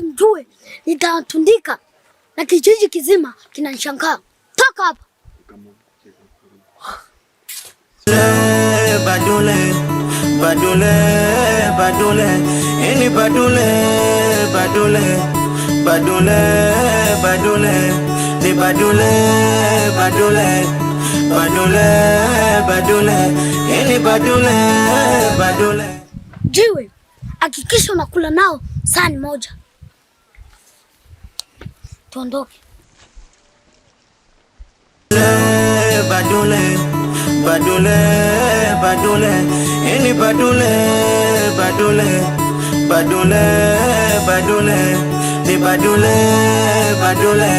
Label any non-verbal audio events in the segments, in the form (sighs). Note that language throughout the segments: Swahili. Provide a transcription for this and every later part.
simjue, nitatundika na kijiji kizima kinanishangaa. Toka hapa badule, badule, badule, ini badule, badule, badule, badule, ni badule, badule, badule, badule, ini badule, badule. Jiwe, hakikisha unakula nao sahani moja tuondoke. Badule, badule, badule, ini badule, badule, badule, badule, ni badule, badule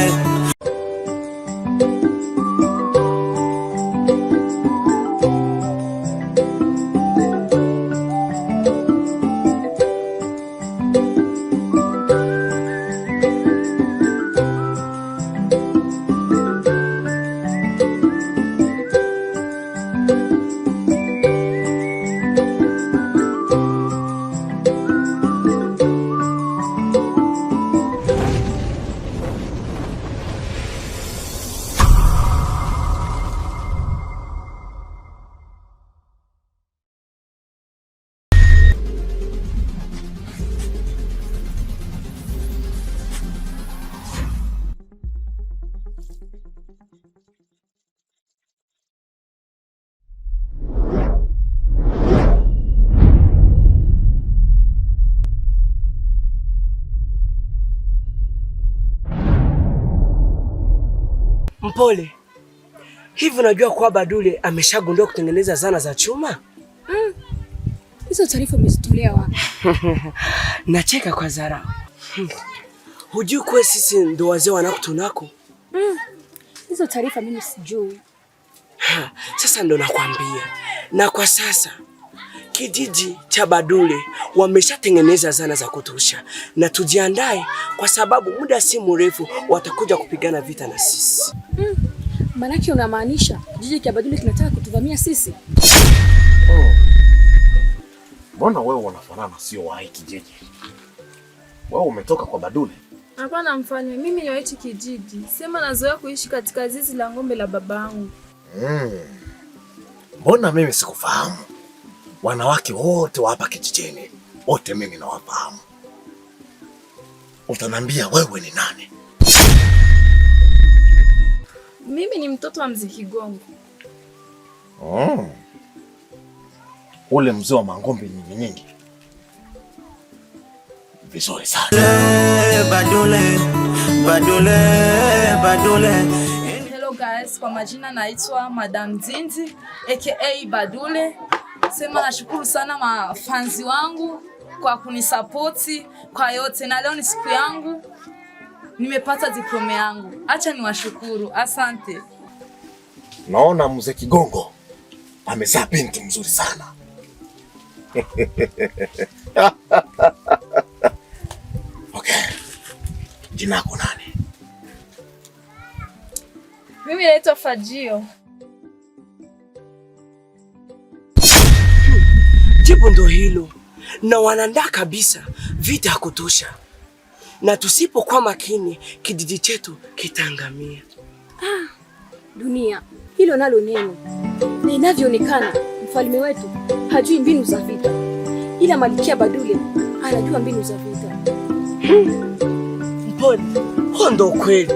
Mpole, hivi unajua kuwa Badule ameshagundua kutengeneza zana za chuma? Mm. Hizo taarifa umezitolea wapi? (laughs) Nacheka kwa zara Hujui kuwa sisi ndo wazee wanakutunako? Mm. Hizo taarifa mimi sijui. sasa ndo nakwambia. Na kwa sasa kijiji cha Badule wameshatengeneza zana za kutosha, na tujiandae kwa sababu muda si mrefu watakuja kupigana vita na sisi. Mm, maanake unamaanisha kijiji cha Badule kinataka kutuvamia sisi? Oh, mbona wewe unafanana sio wa hiki kijiji? Wewe umetoka kwa Badule? Hapana mfalme, mimi ni wa hiki kijiji, sema nazoea kuishi katika zizi la ng'ombe la babangu. Mm, mbona mimi sikufahamu? wanawake wote wa hapa kijijini wote mimi nawafahamu. Utanambia wewe ni nani? Mimi ni mtoto wa mzee Kigongo. Oh. Ule mzee wa mangombe nyingi nyingi. Vizuri sana. Badule, badule, badule. Hello guys, kwa majina naitwa Madam Zinzi aka Badule Sema nashukuru sana mafanzi wangu kwa kunisapoti kwa yote, na leo ni siku yangu, nimepata diploma yangu. Acha niwashukuru, asante. Naona mzee Kigongo amezaa binti mzuri sana (laughs) Okay. Jina lako nani? Mimi naitwa Fajio. Jibu ndo hilo, na wanandaa kabisa vita ya kutosha, na tusipokuwa makini kijiji chetu kitaangamia. Ah, dunia hilo nalo neno, na inavyoonekana mfalme wetu hajui mbinu za vita, ila Malikia Badule anajua mbinu za vita. Hmm. Mpole, huo ndo ukweli,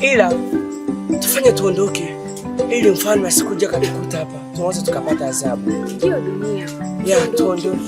ila tufanye tuondoke ili mfalme asikuja katukuta hapa tunaweza tukapata adhabu. Ndio dunia. Ya, tuondoke.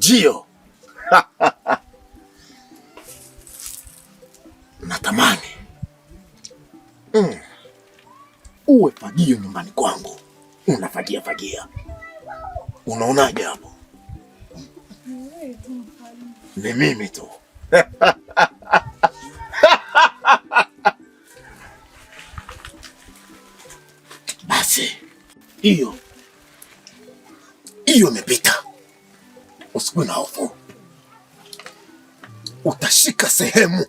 matarajio (laughs) natamani mm, uwe fagio nyumbani kwangu, unafagia fagia. Unaonaje hapo? Ni mimi tu (laughs) basi hiyo Usiwe na hofu, utashika sehemu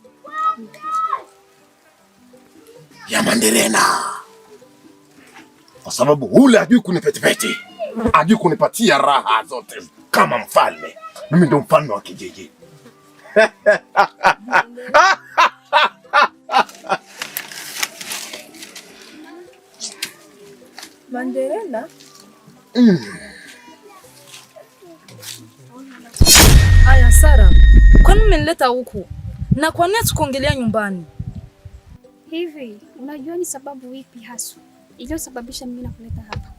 ya Manderena kwa sababu hule ajui kunipetipeti, ajui kunipatia raha zote kama mfalme. Mimi ndo mfalme wa kijiji. Manderena mm. Sara, nini umenileta huku na kwa nini tukuongelea nyumbani hivi? Unajua ni sababu ipi haswa iliyosababisha mimi nakuleta hapa?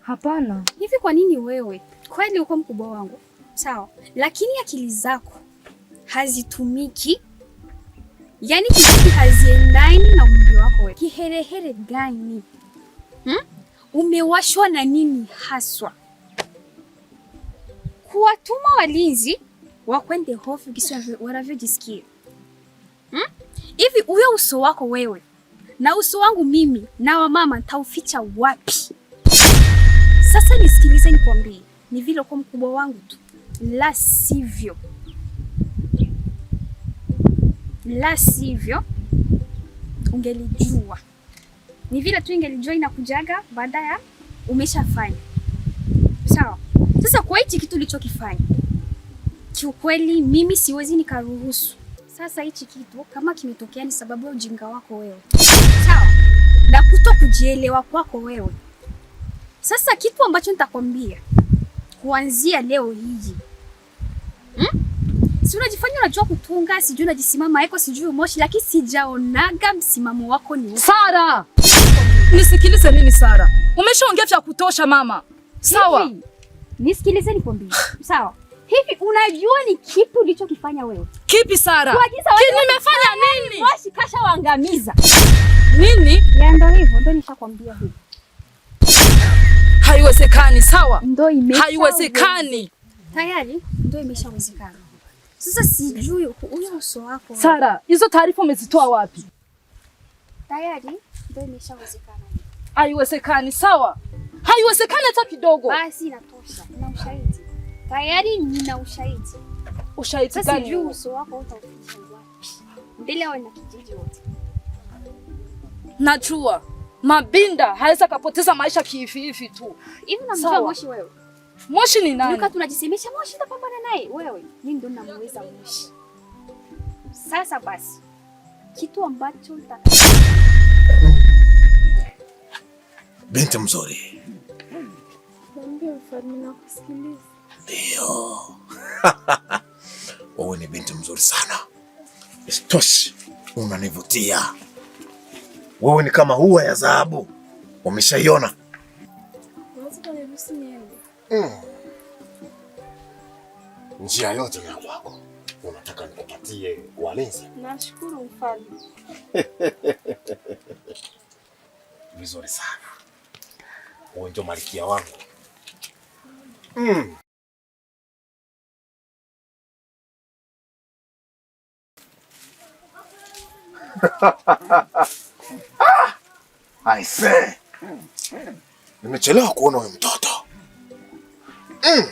Hapana. Hivi kwa nini wewe kweli uko mkubwa wangu sawa, lakini akili zako hazitumiki, yaani kitu haziendani na umri wako wewe. Kiherehere gani hmm? Umewashwa na nini haswa? kuwatuma walinzi wakwende hofu kisi wanavyojisikia hmm? hivi hmm? Uyo uso wako wewe na uso wangu mimi na wamama tauficha wapi? Sasa nisikilize, nikwambie, ni vile kwa mkubwa wangu tu, la sivyo, la sivyo ungelijua. Ni vile tu ingelijua inakujaga baada ya umeshafanya, sawa sasa kwa hichi kitu ulichokifanya, kiukweli mimi siwezi nikaruhusu. Sasa hichi kitu kama kimetokea ni sababu ya ujinga wako wewe, sawa, na kuto kujielewa kwako wewe. Sasa kitu ambacho nitakwambia kuanzia leo hii hmm? Si unajifanya unajua kutunga, sijui unajisimama eko, sijui umoshi, lakini sijaonaga msimamo wako ni Sara. Nisikilize mimi Sara, umeshaongea vya kutosha mama, sawa hey. Nisikilize nikwambie. (sighs) Sawa. Hivi unajua ni kipi ulichokifanya wewe? Kipi Sara? Nimefanya nini? Washi kasha waangamiza. (sighs) Nini? Ya ndo hivyo, ndo nishakwambia hivi. Haiwezekani, sawa? Ndo imesha. Haiwezekani. Tayari ndo imeshawezekana. Sasa sijui huyo uso wako. Sara, hizo taarifa umezitoa wapi? Tayari ndo imeshawezekana. Haiwezekani, sawa? Haiwezekani hata kidogo. Basi inatosha. Nina ushahidi. Tayari nina ushahidi. Ushahidi gani? Sasa juu uso wako utauficha Mbele ya wanakijiji wote. Najua Mabinda haweza kapoteza maisha kihivi hivi tu. Hivi namjua Moshi wewe? Moshi ni nani? Nuka tunajisemesha Moshi tapambana naye wewe. Mimi ndo namuweza Moshi. Sasa basi. Kitu ambacho nitaka. Binti mzuri. Falme, nakusikiliza. Ndio. (laughs) Wewe ni binti mzuri sana. isitoshi unanivutia. Wewe ni kama huwa ya dhahabu. Umeshaiona? Mm. Njia yote ni kwako. Unataka nikupatie walinzi? Nashukuru mfalme. (laughs) Vizuri sana. Wewe ndio malkia wangu. Mm. Ah, (laughs) aise, nimechelewa kuona huyu mtoto mm.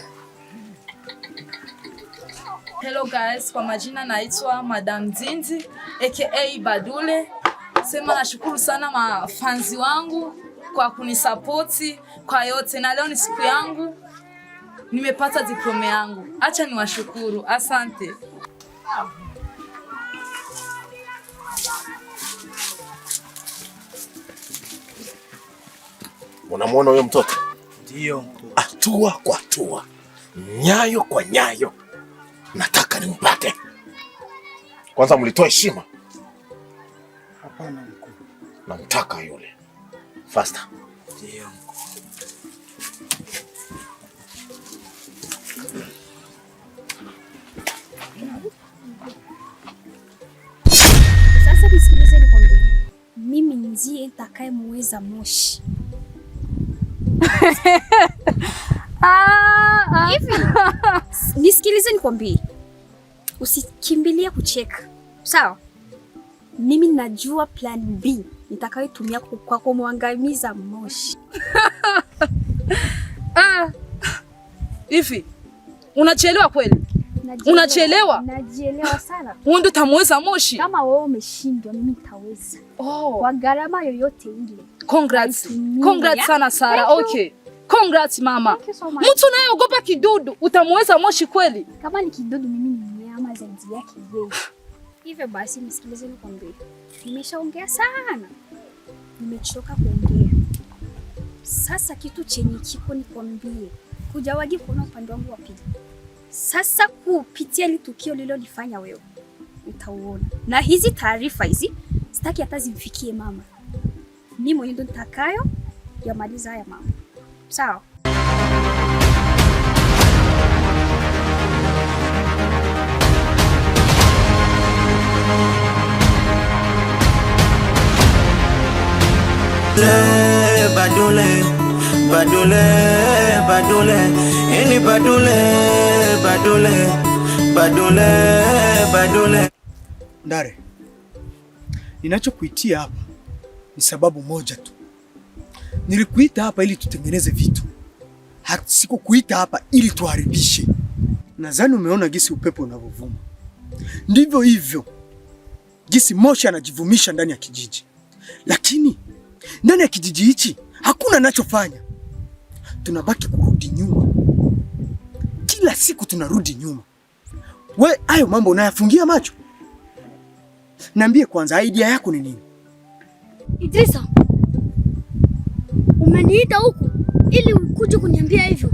Hello guys, kwa majina naitwa Madam Zinzi aka Badule. Sema nashukuru sana mafanzi wangu kwa kunisapoti kwa yote, na leo ni siku yangu nimepata diploma yangu. Acha niwashukuru, asante. Unamwona huyo mtoto? Ndio Hatua kwa hatua, nyayo kwa nyayo, nataka nimpate. Kwanza mlitoa heshima? Hapana mkuu. Namtaka yule. Faster. Ndio mkuu. nisikilize nikwambie, mimi ndiye nitakayemweza Moshi. (laughs) Ah, ah. Hivi nisikilize nikwambie, usikimbilie kucheka, sawa? Mimi najua plan B nitakayotumia kwa kumwangamiza Moshi. (laughs) Ah. Hivi unachelewa kweli? Unachelewa? Najielewa sana. (laughs) Wewe ndio utamweza Moshi. Kama wewe umeshindwa, mimi nitaweza. Oh. Kwa gharama yoyote ile. Congrats. Congrats sana Sara. Okay. Congrats mama. So mtu nayeogopa kidudu utamweza Moshi kweli? Kama ni kidudu mimi ni nyama zaidi yake yeye. (sighs) Hivyo basi msikilizeni kwa mbele. Nimeshaongea sana. Nimechoka kuongea. Sasa kitu chenye kiko nikwambie, kuja waje kuona upande wangu wa pili. Sasa kupitia ni tukio lilolifanya wewe utauona, na hizi taarifa hizi sitaki hata zimfikie mama. Mimi mwenyewe ndo nitakayo yamaliza haya mama, sawa? badule, badule badule ini badule badule badule badule Ndare, ninachokuitia hapa ni sababu moja tu. Nilikuita hapa ili tutengeneze vitu, sikukuita hapa ili tuharibishe. Nadhani umeona gisi upepo unavyovuma, ndivyo hivyo gisi moshi anajivumisha ndani ya kijiji, lakini ndani ya kijiji hichi hakuna anachofanya tunabaki kurudi nyuma, kila siku tunarudi nyuma. We, hayo mambo unayafungia macho? Niambie kwanza idea yako ni nini? Idrisa, umeniita huku ili ukuje kuniambia hivyo?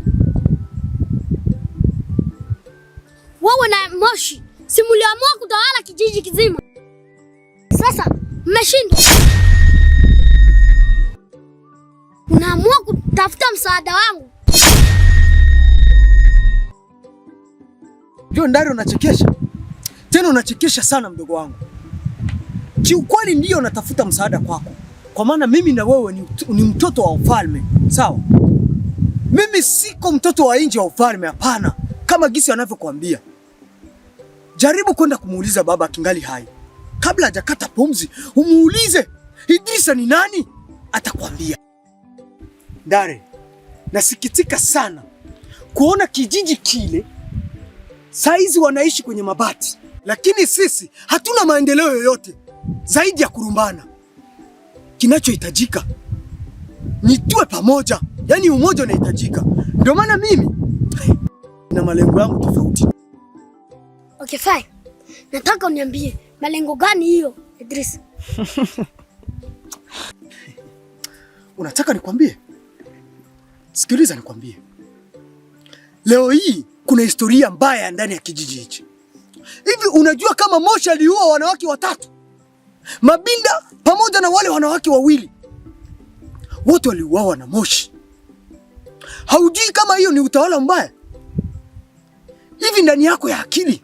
Wewe na Moshi simuliamua kutawala kijiji kizima, sasa mmeshindwa. naamua kutafuta msaada wangu. Ndio Ndari, unachekesha tena, unachekesha sana mdogo wangu. Kiukweli ndiyo natafuta msaada kwako, kwa maana mimi na wewe ni, ni mtoto wa ufalme sawa. Mimi siko mtoto wa nje wa ufalme, hapana. Kama gisi anavyokuambia, jaribu kwenda kumuuliza baba kingali hai, kabla hajakata pumzi. Umuulize Idrisa ni nani, atakwambia dare nasikitika sana kuona kijiji kile saizi wanaishi kwenye mabati, lakini sisi hatuna maendeleo yoyote zaidi ya kurumbana. Kinachohitajika ni tuwe pamoja, yaani umoja unahitajika. Ndio maana mimi (tsk) na malengo yangu tofauti. Okay, fine. Nataka uniambie malengo gani hiyo Idris? (laughs) Unataka nikwambie? Sikiliza nikwambie, leo hii kuna historia mbaya ndani ya kijiji hichi. Hivi unajua kama moshi aliua wanawake watatu, Mabinda pamoja na wale wanawake wawili, wote waliuawa na Moshi. Haujui kama hiyo ni utawala mbaya? Hivi ndani yako ya akili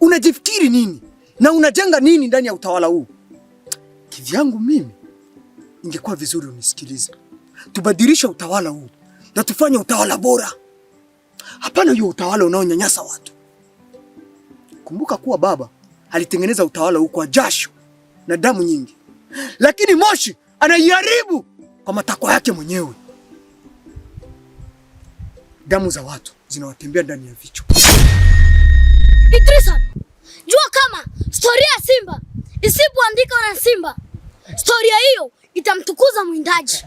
unajifikiri nini na unajenga nini ndani ya utawala huu? Kivyangu mimi ingekuwa vizuri unisikilize, tubadilishe utawala huu na tufanye utawala bora, hapana hiyo utawala unaonyanyasa watu. Kumbuka kuwa baba alitengeneza utawala huu kwa jasho na damu nyingi, lakini Moshi anaiharibu kwa matakwa yake mwenyewe. Damu za watu zinawatembea ndani ya vichwa. Idrisa, jua kama storia ya Simba isipoandikwa na Simba, storia hiyo itamtukuza mwindaji.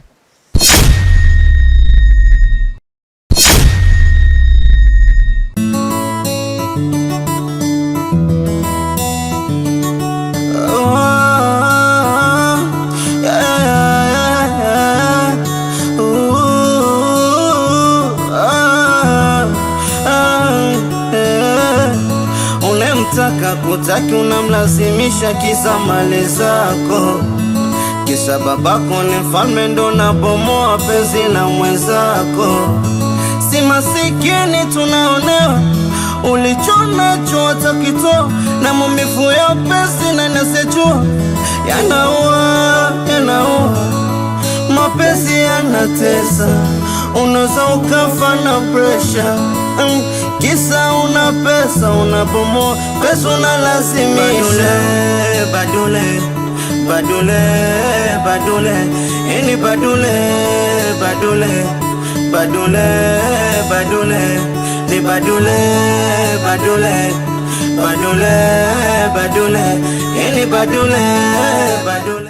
utaki unamlazimisha, kisa mali zako, kisa babako ni mfalme, ndo nabomoa penzi na mwenzako. Si masikini tunaonewa, ulichonacho watakitoa, na mumifu ya penzi na nasechua yanaua, yanaua, mapenzi yanatesa, unaweza ukafa na presha mm kisa una pesa unabomoa pesa unalazimisha badule badule badule ini badule badule badule badule ni badule badule badule badule ini badule badule